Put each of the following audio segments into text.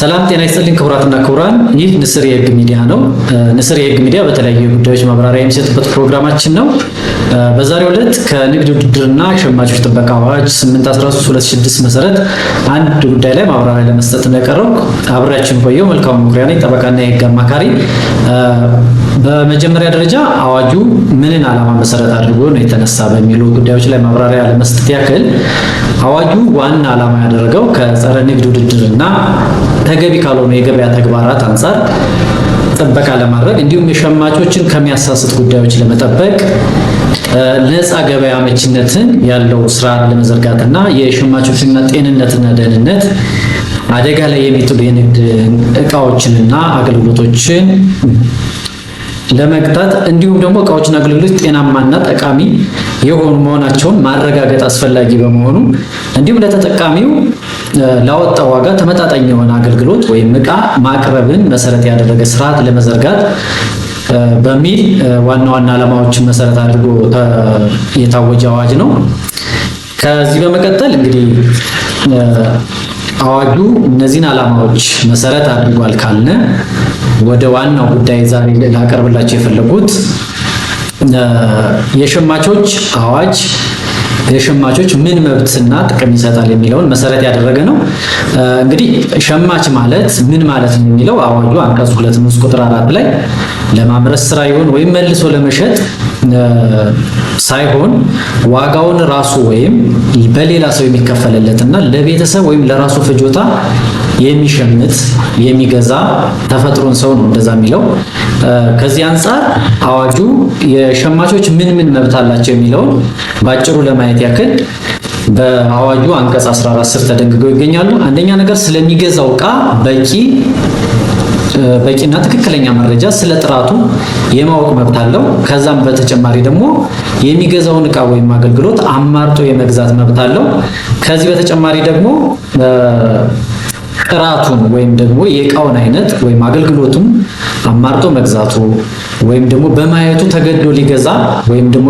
ሰላም ጤና ይስጥልኝ ክቡራትና ክቡራን፣ ይህ ንስር የህግ ሚዲያ ነው። ንስር የህግ ሚዲያ በተለያዩ ጉዳዮች ማብራሪያ የሚሰጥበት ፕሮግራማችን ነው። በዛሬው ዕለት ከንግድ ውድድርና ሸማቾች ጥበቃ አዋጅ 813/2006 መሰረት አንድ ጉዳይ ላይ ማብራሪያ ለመስጠት እንደቀረው አብሬያችን ቆየው። መልካም መኩሪያ ነኝ፣ ጠበቃና የህግ አማካሪ። በመጀመሪያ ደረጃ አዋጁ ምንን ዓላማ መሰረት አድርጎ ነው የተነሳ በሚሉ ጉዳዮች ላይ ማብራሪያ ለመስጠት ያክል አዋጁ ዋና ዓላማ ያደረገው ከጸረ ንግድ ውድድርና ተገቢ ካልሆኑ የገበያ ተግባራት አንጻር ጥበቃ ለማድረግ እንዲሁም የሸማቾችን ከሚያሳስት ጉዳዮች ለመጠበቅ ነፃ ገበያ መችነትን ያለው ስራ ለመዘርጋትና የሸማቾችና ጤንነትና ደህንነት አደጋ ላይ የሚጥሉ የንግድ እቃዎችንና አገልግሎቶችን ለመቅጣት እንዲሁም ደግሞ እቃዎችና አገልግሎት ጤናማና ጠቃሚ የሆኑ መሆናቸውን ማረጋገጥ አስፈላጊ በመሆኑ እንዲሁም ለተጠቃሚው ላወጣው ዋጋ ተመጣጣኝ የሆነ አገልግሎት ወይም እቃ ማቅረብን መሰረት ያደረገ ስርዓት ለመዘርጋት በሚል ዋና ዋና ዓላማዎችን መሰረት አድርጎ የታወጀ አዋጅ ነው። ከዚህ በመቀጠል እንግዲህ አዋጁ እነዚህን ዓላማዎች መሰረት አድርጓል ካልነ ወደ ዋናው ጉዳይ ዛሬ ላቀርብላቸው የፈለጉት የሸማቾች አዋጅ የሸማቾች ምን መብትና ጥቅም ይሰጣል የሚለውን መሰረት ያደረገ ነው። እንግዲህ ሸማች ማለት ምን ማለት ነው የሚለው አዋጁ አንቀጽ ሁለት ንዑስ ቁጥር አራት ላይ ለማምረት ስራ ይሁን ወይም መልሶ ለመሸጥ ሳይሆን ዋጋውን ራሱ ወይም በሌላ ሰው የሚከፈልለትና ለቤተሰብ ወይም ለራሱ ፍጆታ የሚሸምት የሚገዛ ተፈጥሮን ሰው ነው እንደዛ የሚለው። ከዚህ አንጻር አዋጁ የሸማቾች ምን ምን መብት አላቸው የሚለውን ባጭሩ ለማየት ያክል በአዋጁ አንቀጽ 14 ስር ተደንግገው ይገኛሉ። አንደኛ ነገር ስለሚገዛው እቃ በቂ በቂና ትክክለኛ መረጃ ስለ ጥራቱ የማወቅ መብት አለው። ከዛም በተጨማሪ ደግሞ የሚገዛውን እቃ ወይም አገልግሎት አማርጦ የመግዛት መብት አለው። ከዚህ በተጨማሪ ደግሞ ጥራቱን ወይም ደግሞ የእቃውን አይነት ወይም አገልግሎቱን አማርጦ መግዛቱ ወይም ደግሞ በማየቱ ተገዶ ሊገዛ ወይም ደግሞ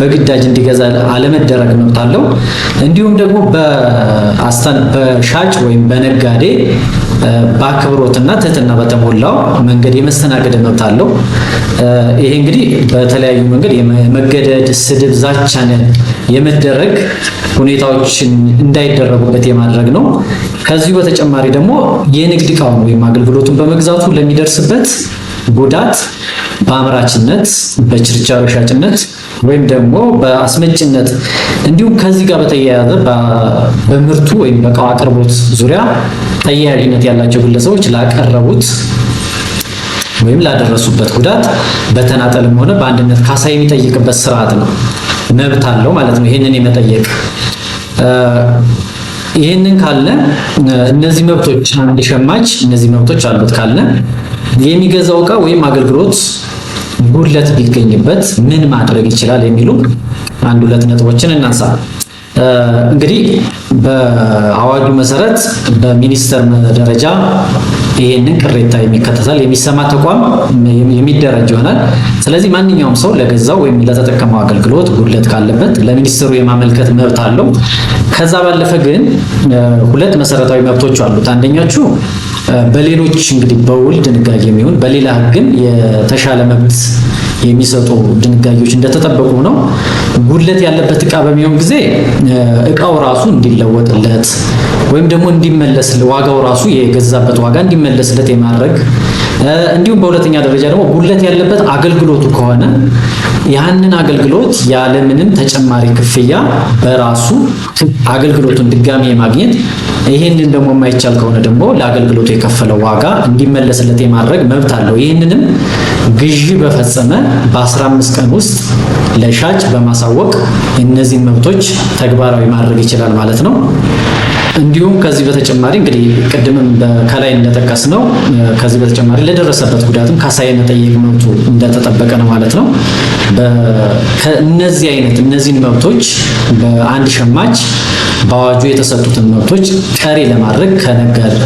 በግዳጅ እንዲገዛ አለመደረግ መብት አለው። እንዲሁም ደግሞ በሻጭ ወይም በነጋዴ በአክብሮትና ትህትና በተሞላው መንገድ የመስተናገድ መብት አለው። ይሄ እንግዲህ በተለያዩ መንገድ የመገደድ ስድብ፣ ዛቻን የመደረግ ሁኔታዎችን እንዳይደረጉበት የማድረግ ነው። ከዚሁ በተጨማሪ ደግሞ የንግድ እቃውን ወይም አገልግሎቱን በመግዛቱ ለሚደርስበት ጉዳት በአምራችነት፣ በችርቻሮ ሻጭነት ወይም ደግሞ በአስመጭነት እንዲሁም ከዚህ ጋር በተያያዘ በምርቱ ወይም በእቃው አቅርቦት ዙሪያ ተያያዥነት ያላቸው ግለሰቦች ላቀረቡት ወይም ላደረሱበት ጉዳት በተናጠልም ሆነ በአንድነት ካሳ የሚጠይቅበት ስርዓት ነው። መብት አለው ማለት ነው ይህንን የመጠየቅ ይህንን ካለ እነዚህ መብቶች አንድ ሸማች እነዚህ መብቶች አሉት ካለ የሚገዛው እቃ ወይም አገልግሎት ጉድለት ቢገኝበት ምን ማድረግ ይችላል የሚሉ አንድ ሁለት ነጥቦችን እናንሳ። እንግዲህ በአዋጁ መሰረት በሚኒስተር ደረጃ ይሄንን ቅሬታ የሚከተታል የሚሰማ ተቋም የሚደራጅ ይሆናል። ስለዚህ ማንኛውም ሰው ለገዛው ወይም ለተጠቀመው አገልግሎት ጉድለት ካለበት ለሚኒስትሩ የማመልከት መብት አለው። ከዛ ባለፈ ግን ሁለት መሰረታዊ መብቶች አሉት። አንደኛቹ በሌሎች እንግዲህ በውል ድንጋጌ የሚሆን በሌላ ህግን የተሻለ መብት የሚሰጡ ድንጋጌዎች እንደተጠበቁ ነው። ጉድለት ያለበት እቃ በሚሆን ጊዜ እቃው ራሱ እንዲለወጥለት ወይም ደግሞ እንዲመለስ ዋጋው ራሱ የገዛበት ዋጋ እንዲመለስለት የማድረግ እንዲሁም በሁለተኛ ደረጃ ደግሞ ጉድለት ያለበት አገልግሎቱ ከሆነ ያንን አገልግሎት ያለምንም ተጨማሪ ክፍያ በራሱ አገልግሎቱን ድጋሚ የማግኘት ይህንን ደግሞ የማይቻል ከሆነ ደግሞ ለአገልግሎቱ የከፈለው ዋጋ እንዲመለስለት የማድረግ መብት አለው። ይህንንም ግዢ በፈጸመ በ15 ቀን ውስጥ ለሻጭ በማሳወቅ እነዚህን መብቶች ተግባራዊ ማድረግ ይችላል ማለት ነው። እንዲሁም ከዚህ በተጨማሪ እንግዲህ ቅድምም ከላይ እንደጠቀስ ነው ከዚህ በተጨማሪ ለደረሰበት ጉዳትም ካሳ የመጠየቅ መብቱ እንደተጠበቀ ነው ማለት ነው። እነዚህ አይነት እነዚህን መብቶች በአንድ ሸማች በአዋጁ የተሰጡትን መብቶች ቀሪ ለማድረግ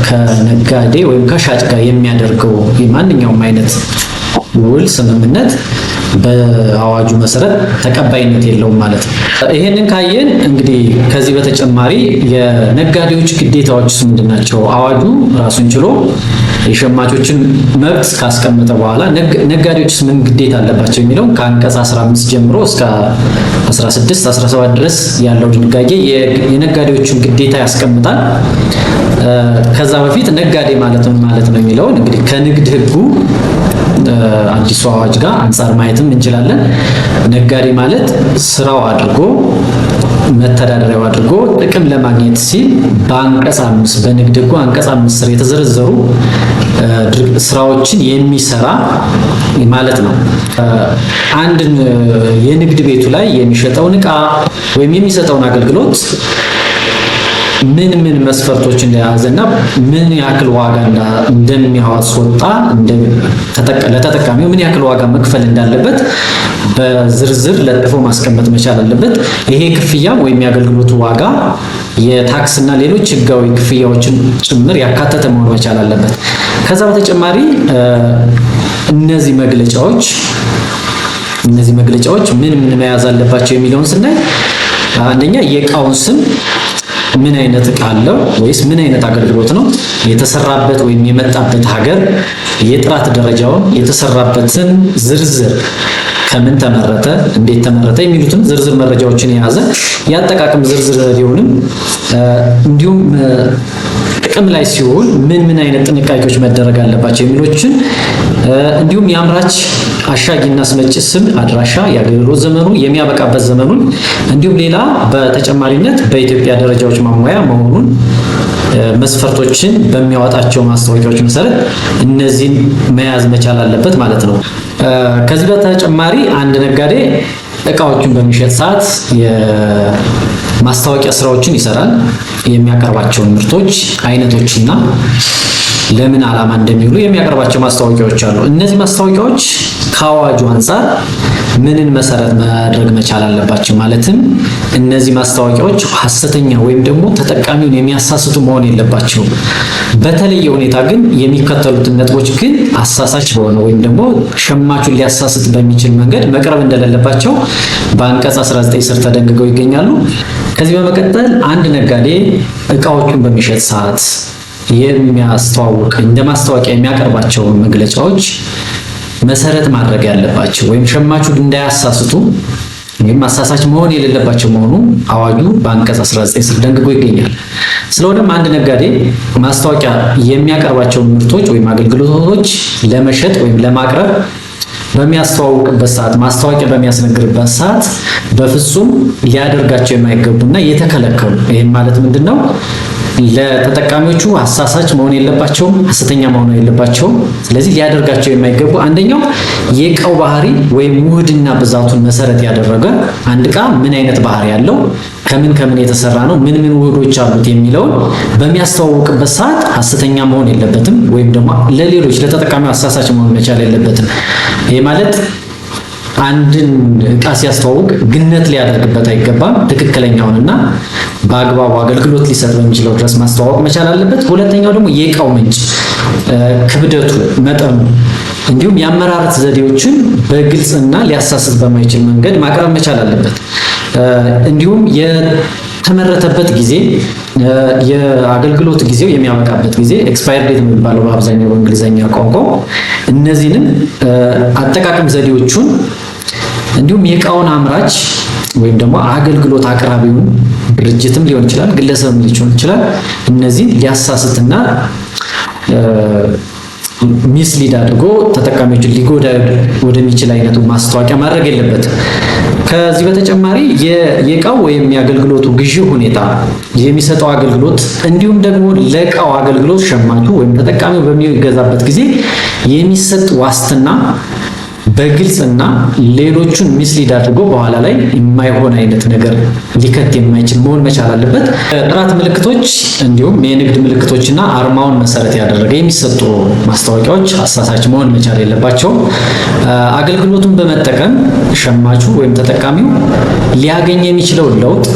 ከነጋዴ ወይም ከሻጭ ጋር የሚያደርገው የማንኛውም አይነት ውል ስምምነት በአዋጁ መሰረት ተቀባይነት የለውም ማለት ነው። ይህንን ካየን እንግዲህ ከዚህ በተጨማሪ የነጋዴዎች ግዴታዎችስ ምንድን ናቸው? አዋጁ ራሱን ችሎ የሸማቾችን መብት ካስቀመጠ በኋላ ነጋዴዎችስ ምን ግዴታ አለባቸው የሚለው ከአንቀጽ 15 ጀምሮ እስከ 16 17 ድረስ ያለው ድንጋጌ የነጋዴዎችን ግዴታ ያስቀምጣል። ከዛ በፊት ነጋዴ ማለት ምን ማለት ነው የሚለውን እንግዲህ ከንግድ ህጉ አዲሱ አዋጅ ጋር አንጻር ማየት ማየትም እንችላለን። ነጋዴ ማለት ስራው አድርጎ መተዳደሪያው አድርጎ ጥቅም ለማግኘት ሲል በአንቀጽ አምስት በንግድ ሕጉ አንቀጽ አምስት ስር የተዘረዘሩ ስራዎችን የሚሰራ ማለት ነው። አንድን የንግድ ቤቱ ላይ የሚሸጠውን እቃ ወይም የሚሰጠውን አገልግሎት ምን ምን መስፈርቶች እንደያዘና ምን ያክል ዋጋ እንደሚያስወጣ ለተጠቃሚው ምን ያክል ዋጋ መክፈል እንዳለበት በዝርዝር ለጥፎ ማስቀመጥ መቻል አለበት። ይሄ ክፍያ ወይም የአገልግሎቱ ዋጋ የታክስና ሌሎች ህጋዊ ክፍያዎችን ጭምር ያካተተ መሆን መቻል አለበት። ከዛ በተጨማሪ እነዚህ መግለጫዎች እነዚህ መግለጫዎች ምን ምን መያዝ አለባቸው የሚለውን ስናይ አንደኛ የእቃውን ስም ምን አይነት እቃ አለው ወይስ ምን አይነት አገልግሎት ነው የተሰራበት ወይም የመጣበት ሀገር የጥራት ደረጃውን የተሰራበትን ዝርዝር ከምን ተመረተ፣ እንዴት ተመረተ የሚሉትን ዝርዝር መረጃዎችን የያዘ የአጠቃቀም ዝርዝር ሊሆንም እንዲሁም ጥቅም ላይ ሲሆን ምን ምን አይነት ጥንቃቄዎች መደረግ አለባቸው የሚሎችን እንዲሁም የአምራች አሻጊና ስመጭ ስም፣ አድራሻ፣ የአገልግሎት ዘመኑ፣ የሚያበቃበት ዘመኑን እንዲሁም ሌላ በተጨማሪነት በኢትዮጵያ ደረጃዎች ማሟያ መሆኑን መስፈርቶችን በሚያወጣቸው ማስታወቂያዎች መሰረት እነዚህን መያዝ መቻል አለበት ማለት ነው። ከዚህ በተጨማሪ አንድ ነጋዴ እቃዎቹን በሚሸጥ ሰዓት የማስታወቂያ ስራዎችን ይሰራል። የሚያቀርባቸውን ምርቶች አይነቶችና ለምን ዓላማ እንደሚውሉ የሚያቀርባቸው ማስታወቂያዎች አሉ። እነዚህ ማስታወቂያዎች ከአዋጁ አንጻር ምንን መሰረት ማድረግ መቻል አለባቸው? ማለትም እነዚህ ማስታወቂያዎች ሐሰተኛ ወይም ደግሞ ተጠቃሚውን የሚያሳስቱ መሆን የለባቸውም። በተለየ ሁኔታ ግን የሚከተሉትን ነጥቦች ግን አሳሳች በሆነ ወይም ደግሞ ሸማቹን ሊያሳስት በሚችል መንገድ መቅረብ እንደሌለባቸው በአንቀጽ 19 ስር ተደንግገው ይገኛሉ። ከዚህ በመቀጠል አንድ ነጋዴ እቃዎቹን በሚሸጥ ሰዓት የሚያስተዋውቅ እንደ ማስታወቂያ የሚያቀርባቸው መግለጫዎች መሰረት ማድረግ ያለባቸው ወይም ሸማቹ እንዳያሳስቱ ወይም አሳሳች መሆን የሌለባቸው መሆኑ አዋጁ በአንቀጽ 19 ስር ደንግጎ ይገኛል። ስለሆነም አንድ ነጋዴ ማስታወቂያ የሚያቀርባቸውን ምርቶች ወይም አገልግሎቶች ለመሸጥ ወይም ለማቅረብ በሚያስተዋውቅበት ሰዓት፣ ማስታወቂያ በሚያስነግርበት ሰዓት በፍጹም ሊያደርጋቸው የማይገቡና የተከለከሉ ይህም ማለት ምንድን ነው? ለተጠቃሚዎቹ አሳሳች መሆን የለባቸውም፣ ሀሰተኛ መሆን የለባቸውም። ስለዚህ ሊያደርጋቸው የማይገቡ አንደኛው የእቃው ባህሪ ወይም ውህድና ብዛቱን መሰረት ያደረገ አንድ እቃ ምን አይነት ባህሪ ያለው ከምን ከምን የተሰራ ነው፣ ምን ምን ውህዶች አሉት የሚለውን በሚያስተዋውቅበት ሰዓት ሐሰተኛ መሆን የለበትም፣ ወይም ደግሞ ለሌሎች ለተጠቃሚው አሳሳች መሆን መቻል የለበትም። ይህ ማለት አንድን እቃ ሲያስተዋውቅ ግነት ሊያደርግበት አይገባም። ትክክለኛውንና በአግባቡ አገልግሎት ሊሰጥ በሚችለው ድረስ ማስተዋወቅ መቻል አለበት። ሁለተኛው ደግሞ የእቃው ምንጭ፣ ክብደቱ፣ መጠኑ እንዲሁም የአመራረት ዘዴዎችን በግልጽና ሊያሳስብ በማይችል መንገድ ማቅረብ መቻል አለበት። እንዲሁም የተመረተበት ጊዜ የአገልግሎት ጊዜው የሚያበቃበት ጊዜ ኤክስፓየር ዴት የሚባለው በአብዛኛው በእንግሊዘኛ ቋንቋ እነዚህንም አጠቃቀም ዘዴዎቹን እንዲሁም የእቃውን አምራች ወይም ደግሞ አገልግሎት አቅራቢውን ድርጅትም ሊሆን ይችላል፣ ግለሰብም ሊሆን ይችላል። እነዚህ ሊያሳስትና ሚስሊድ አድርጎ ተጠቃሚዎችን ሊጎዳ ወደሚችል አይነቱ ማስታወቂያ ማድረግ የለበትም። ከዚህ በተጨማሪ የእቃው ወይም የአገልግሎቱ ግዢ ሁኔታ፣ የሚሰጠው አገልግሎት እንዲሁም ደግሞ ለእቃው አገልግሎት ሸማቹ ወይም ተጠቃሚው በሚገዛበት ጊዜ የሚሰጥ ዋስትና በግልጽ እና ሌሎቹን ሚስሊድ አድርጎ በኋላ ላይ የማይሆን አይነት ነገር ሊከት የማይችል መሆን መቻል አለበት። ጥራት ምልክቶች እንዲሁም የንግድ ምልክቶችና አርማውን መሰረት ያደረገ የሚሰጡ ማስታወቂያዎች አሳሳች መሆን መቻል የለባቸውም። አገልግሎቱን በመጠቀም ሸማቹ ወይም ተጠቃሚው ሊያገኝ የሚችለው ለውጥ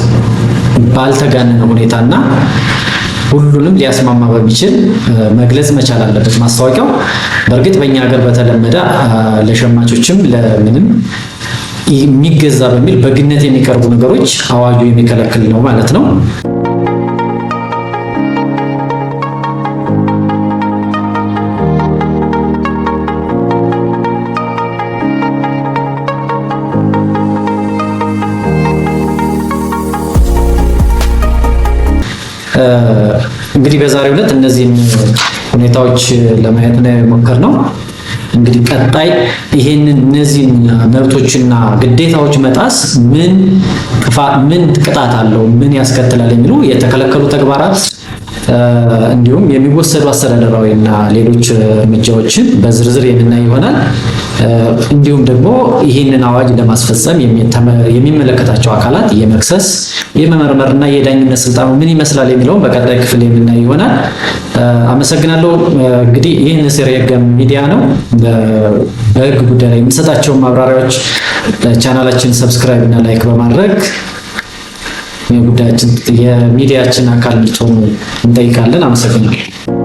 ባልተጋነነ ሁኔታና ሁሉንም ሊያስማማ በሚችል መግለጽ መቻል አለበት ማስታወቂያው። በእርግጥ በእኛ ሀገር በተለመደ ለሸማቾችም ለምንም የሚገዛ በሚል በግነት የሚቀርቡ ነገሮች አዋጁ የሚከለክል ነው ማለት ነው። እንግዲህ በዛሬው ዕለት እነዚህን ሁኔታዎች ለማየት ነው የሞከርነው። እንግዲህ ቀጣይ ይሄንን እነዚህን መብቶችና ግዴታዎች መጣስ ምን ቅጣት አለው፣ ምን ያስከትላል የሚሉ የተከለከሉ ተግባራት እንዲሁም የሚወሰዱ አስተዳደራዊና ሌሎች እርምጃዎችን በዝርዝር የምናይ ይሆናል። እንዲሁም ደግሞ ይህንን አዋጅ ለማስፈጸም የሚመለከታቸው አካላት የመክሰስ የመመርመርና የዳኝነት ስልጣኑ ምን ይመስላል የሚለውን በቀጣይ ክፍል የምናይ ይሆናል። አመሰግናለሁ። እንግዲህ ይህ ንስር ሚዲያ ነው። በህግ ጉዳይ ላይ የምንሰጣቸውን ማብራሪያዎች ቻናላችን ሰብስክራይብ እና ላይክ በማድረግ የጉዳያችን የሚዲያችን አካል እንድትሆኑ እንጠይቃለን። አመሰግናለሁ።